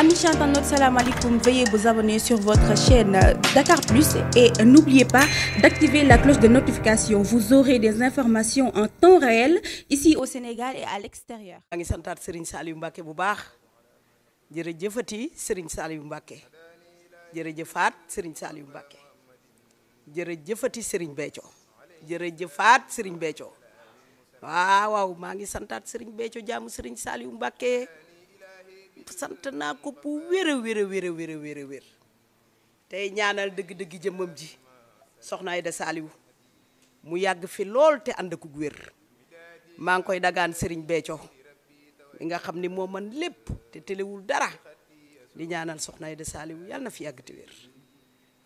Amis internautes, salam alaikum. Veuillez vous abonner sur votre chaîne Dakar Plus et n'oubliez pas d'activer la cloche de notification. Vous aurez des informations en temps réel ici au Sénégal et à l'extérieur. maa ngi santaat Serigne Saliou Mbacké bu baax jërëjëfati Serigne Saliou Mbacké jërëjëfaat Serigne Saliou Mbacké jërëjëfati Serigne Béthio jërëjëfaat Serigne Béthio waaw waaw maa ngi santaat Serigne Béthio jaamu Serigne Saliou Mbacké. sant naa ko bu wér a wér tey ñaanal dëgg-dëgg jëmmam ji soxna de Saliou mu yàgg fi lool te ànd ak wér maa ngi koy dagaan Serigne Béthio nga xam ni moo man lépp te telewul dara di ñaanal soxna Aida Saliou yàlla na fi yàgg te wér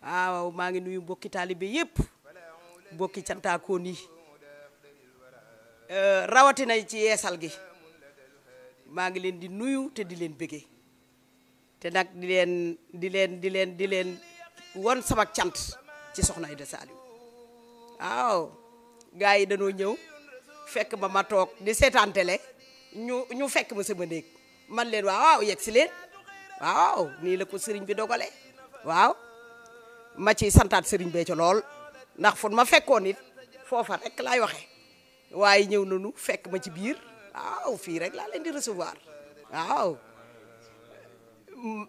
waaw maa ngi nuyu mbokki taalibe yépp mbokki cantaakoon yi euh, rawatina ci yeesal gi maa ngi leen di nuyu te di leen bëggee te nag di leen di leen di leen di leen won sama cant ci soxna Aïda Saliou waaw gars yi dañoo ñëw fekk ma ma toog di seetaan télé ñu ñu fekk ma sama néeg man leen waaw waaw si leen waaw nii la ko sëriñ bi dogale waaw ma ci santaat sëriñ Béthio lool ndax fu ma fekkoon it foofa rek laay waxe waaye ñëw nañu fekk ma ci biir waaw fii rek laa leen di recevoir waaw mm.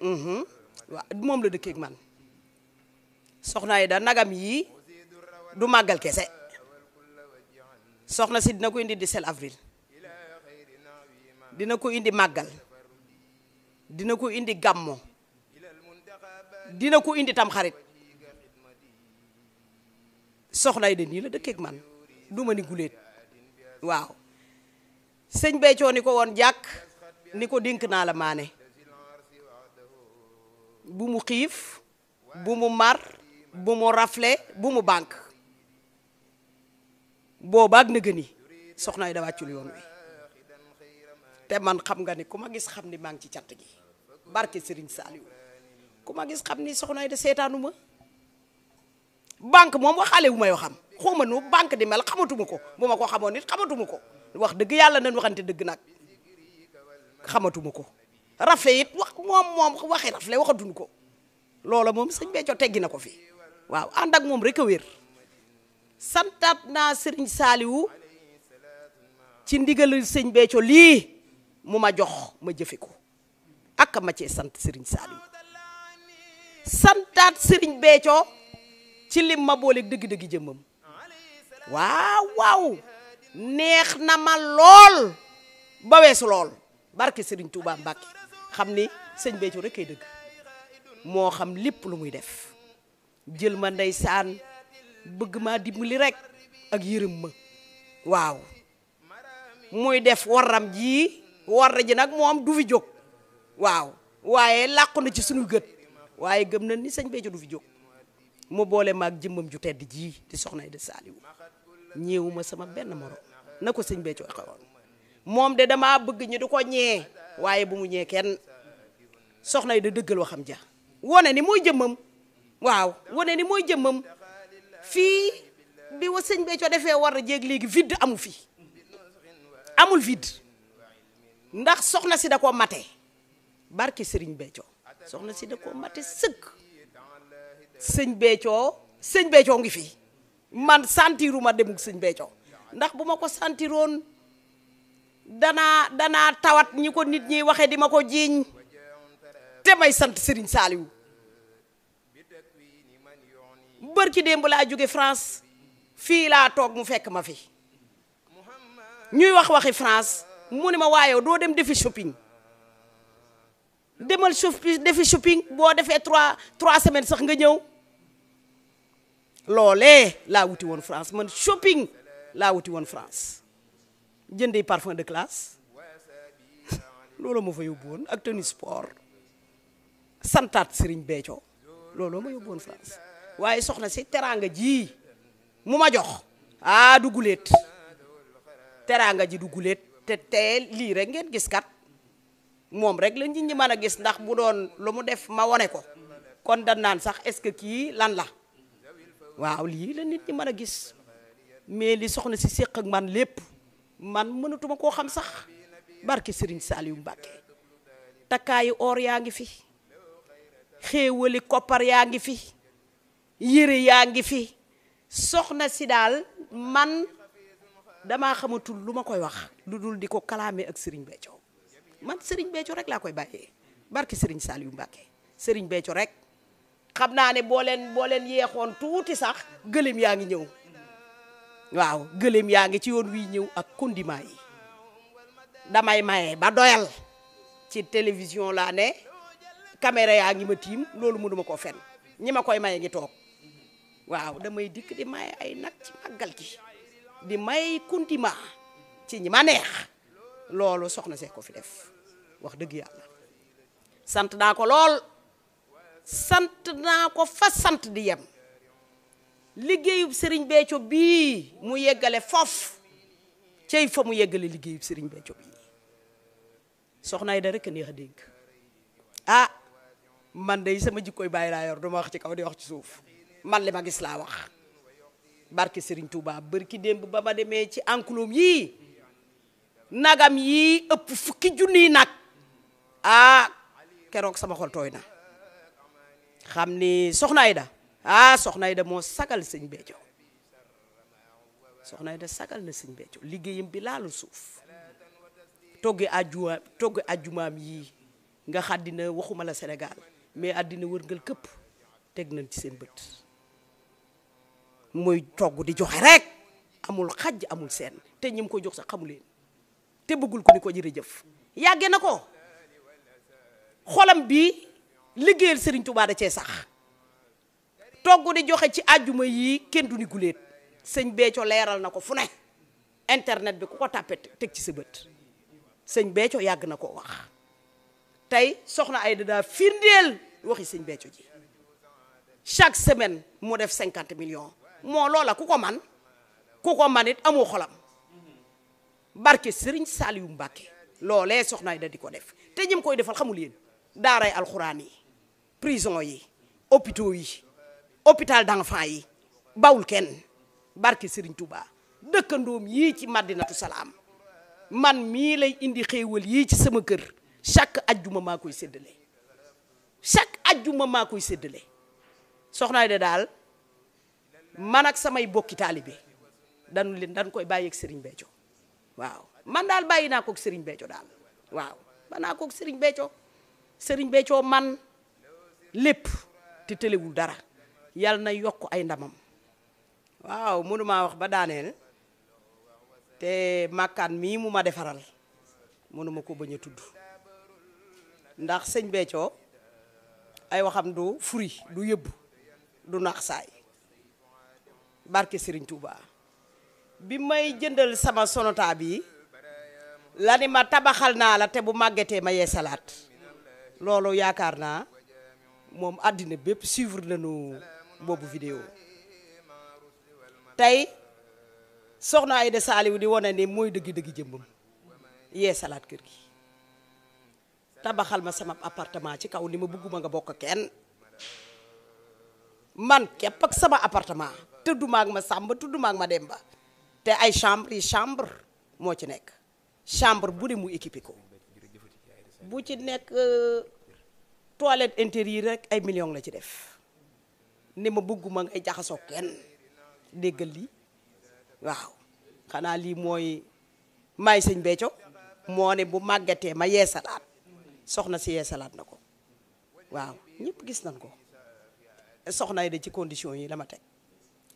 mm-hmm. waaw moom la dëkkeeg man soxna yi da nagam yii du màggal kese soxna si dina ko indi 17 avril dina ko indi màggal dina ko indi gàmmo dina ko indi tam xarit soxna yi de nii la dëkkeeg man du ma ni waaw sëñ Béthio ni ko woon jàkk ni ko dénk naa la maane bu mu xiif bu mu mar bu mu rafle bu mu bànk boobaag na gëni soxna yi da wàccul yoon wi te man xam nga ni ku ma gis xam ni maa ngi ci càtt gi barke Serigne Saliou ku ma gis xam ni soxna yi da seetaanu ma banque moom waxaale wu may waxam xawma nu banque di mel xamatuma ko bu ma ko xamoon nit xamatuma ko wax dëgg yàlla nañ waxante dëgg nag xamatuma ko rafle it wax moom moom waxi rafle waxatuñu ko loola moom sëñ Béthio teggi na ko fi waaw ànd ak moom rek a wér santaat naa sëriñ Saaliwu ci ndigalul sëñ Béthio lii mu ma jox ma jëfe ko ak ma cee sant sëriñ Saaliwu santaat sëriñ Béthio ci lim ma boole dëgg-dëgg jëmmam waaw waaw neex na ma lool ba weesu lool barki Serigne Touba Mbacke xam ni sëñ Béthio rekk kay dëgg moo xam lépp lu muy def jël ma ndeysaan bëgg maa dimbali rekk ak yërëm ma waaw muy def waram ji warra ji nag moom du fi jóg waaw waaye làqu na ci suñu gët waaye gëm na ni sëñ Béthio du fi jóg mu boole maag jëmmam ju tedd ji di soxna Aida Saliou ñeewuma sama benn morom na ko sëñ Béthio waxoon moom de damaa bëgg ñu du ko ñee waaye bu mu ñee kenn soxna yi da dëggal waxam ja wone ni mooy jëmmam waaw wone ni mooy jëmmam fii bi wa sëñ Béthio defee war a jéeg léegi vide amu fi amul vide ndax soxna si da ko mate barki sëriñ Béthio soxna si da koo mate sëkk sëñ Béthio sëñ Béthio ngi fii man santiru ma demug sëñ ndax bu ma ko santiroon danaa danaa tawat ñi ko nit ñiy waxe di ma ko jiiñ te may sant Serigne Saliou bërki démb laa jóge France fii laa toog mu fekk ma fi ñuy wax waxi France mu ne ma waaye doo dem defi shopping demal defi shopping boo defee trois trois semaines sax nga ñëw loole laa wuti woon France man shopping laa wuti woon France jëndee parfum de classe loolu ma fa yóbbu ak tenue sport santaat Serigne Béthio looloo ma yóbbu France waaye soxna si teraanga ji mu ma jox ah du guleet teraanga ji du guleet te tee lii rek ngeen gis kat moom rek la nit ñi mën a gis ndax bu doon lu mu def ma wone ko kon dan naan sax est-ce que kii lan la waaw lii la nit ñi mën a gis mais li soxna si séq ak man lépp man mënatuma koo xam sax barke Serigne Saliou Mbacke takkaayu or yaa ngi fi xéewali koppar yaa ngi fi yére yaa ngi fi soxna si daal man damaa xamatul lu ma koy wax lu dul di ko kalaame ak Serigne Béthio man Serigne Béthio rek laa koy bàyyee barke Serigne Saliou Mbacke Serigne Béthio rek xam naa ne boo leen boo leen yeexoon tuuti sax gëléem yaa ngi ñëw waaw gëléem yaa ngi ci yoon wi ñëw ak condiment yi damay maye ba doyal ci télévision laa ne caméra yaa ngi ma tiim loolu mënuma ko fen ñi ma koy maye ngi toog waaw damay dikk di maye ay nag ci màggal gi di may condiment ci ñi ma neex loolu soxna see ko fi def wax dëgg yàlla sant naa ko lool sant naa ko fa sant di yem liggéeyub sëriñ Béthio bii mu yeggale foofu cey fa mu yeggale liggéeyub sëriñ Béthio bii soxna Aida rek a neex a dégg ah man de sama jikkooy bàyyi laa yor duma wax ci kaw di wax ci suuf man li ma gis laa wax barke sëriñ Touba barki démb ba ma demee ci enclos yii nagam yii ëpp fukki junniy nag ah keroog sama xoltooy na xam ni soxna Ayda ah soxna Ayda moo sagal sëñ Béthio soxna Ayda sagal na sëñ Béthio liggéeyam bi laalu suuf toggi ajuma toggi ajumaam yii nga xàddina waxuma la Sénégal mais àddina wërngël këpp teg nañ ci seen bët muy togg di joxe rek amul xaj amul seen te ñim ko jox sa xamu leen te bëggul ko ni ko jërëjëf yàgge na ko xolam bi liggéeyal Serigne Touba da cee sax togg di joxe ci àjjuma yii kenn du ni guléet sëñ Béthio leeral na ko fu ne internet bi ku ko tàppe teg ci sa bët sëñ Béthio yàgg na koo wax tey soxna Aïda daa firndeel waxi sëñ Béthio ji chaque semaine mu def cinquante million moo loola ku ko man ku ko man it amoo xolam barke Serigne Saliou Mbacké loolee soxna Aïda di ko def te ñim koy defal xamul yéen daaray alxuraan yi prison yi hôpitaux yi hôpital dang yi bawul kenn barke Serigne Touba dëkkandoom yi ci Madinatu Salaam man mii lay indi xéewal yii ci sama kër chaque ajjuma maa koy séddale chaque ajjuma maa koy séddale soxnaay de daal manak samay bokki taalibe danu leen dañ koy bàyyi ak Serigne Béthio waaw man daal bàyyi naa koog Serigne Béthio daal waaw ba naa koog Serigne Béthio Serigne man lépp te tëlewul dara yàlla na yokk ay ndamam waaw mënumaa wax ba daaneel te màkkaan mii mu ma defaral mënuma ko bañ a tudd ndax sëñ Béthio ay waxam du furi du yëbb du naax saay barke Serigne Touba bi may jëndal sama sonota bii la ni ma tabaxal naa la te bu màggetee ma yee salaat loolu yaakaar naa moom addina bépp suivre nu boobu vidéo tey soxna Aïda Saliou di wane ne mooy dëgg-dëgg jëmbam yee salaat kër gi tabaxal ma sama appartement ci kaw ni ma bëgguma nga bokk kenn man képp ak sama appartement tëddu ak ma Samba tëdduma ak ma Demba te ay chambre yi chambre moo ci nekk chambre bu ne mu équipé ko bu ci nekk euh, toilette intérieure rek ay million la ci def ni ma bëgguma ngay jaxasoo kenn déggal lii waaw xanaa lii mooy maay sëñ Béthio moo ne bu màggatee ma yeesalaat soxna si yeesalaat na ko waaw ñëpp gis nañ ko soxna yi de ci condition yi la ma teg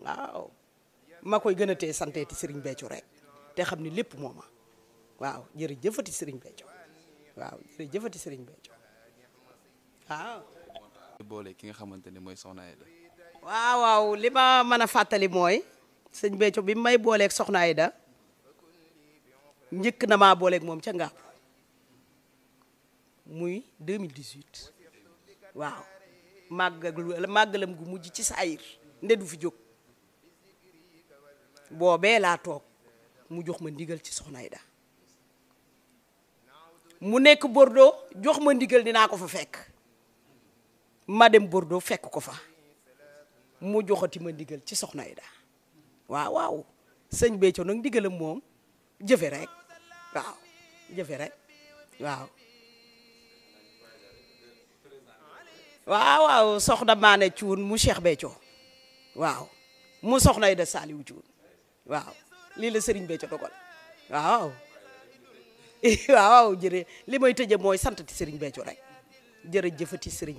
waaw ma koy gën a tee santeeti sëriñ Béthio rek te xam ni lépp mooma waaw jërëjëfati sëriñ Béthio waaw jërëjëfati sëriñ Béthio waaw. Ah. boole ki nga xamante ne mooy Soxna waaw li ma mën a fàttali mooy sëñ Béthio bi may booleek Soxna Aida njëkk na maa booleek moom ca Ngaabu muy 2018 waaw màggal màggalam gu mujj ci saayir nde du fi jóg boobee laa toog mu jox ma ndigal ci Soxna Aida mu nekk Bordeaux jox ma ndigal dinaa ko fa fekk. ma dem Bordeaux fekk ko fa mu joxati ma ndigal ci soxna Aida waaw waaw sëñ Béthio nag ndigalam moom jëfe rek waaw jëfe rek waaw waaw waaw soxna Maane Cuun mu Cheikh Béthio waaw mu soxna Aida Saliou Cuun waaw lii la sëriñ Béthio dogal waaw waaw jërë li may tëje mooy santati sëriñ Béthio rek jërëjëfati sëriñ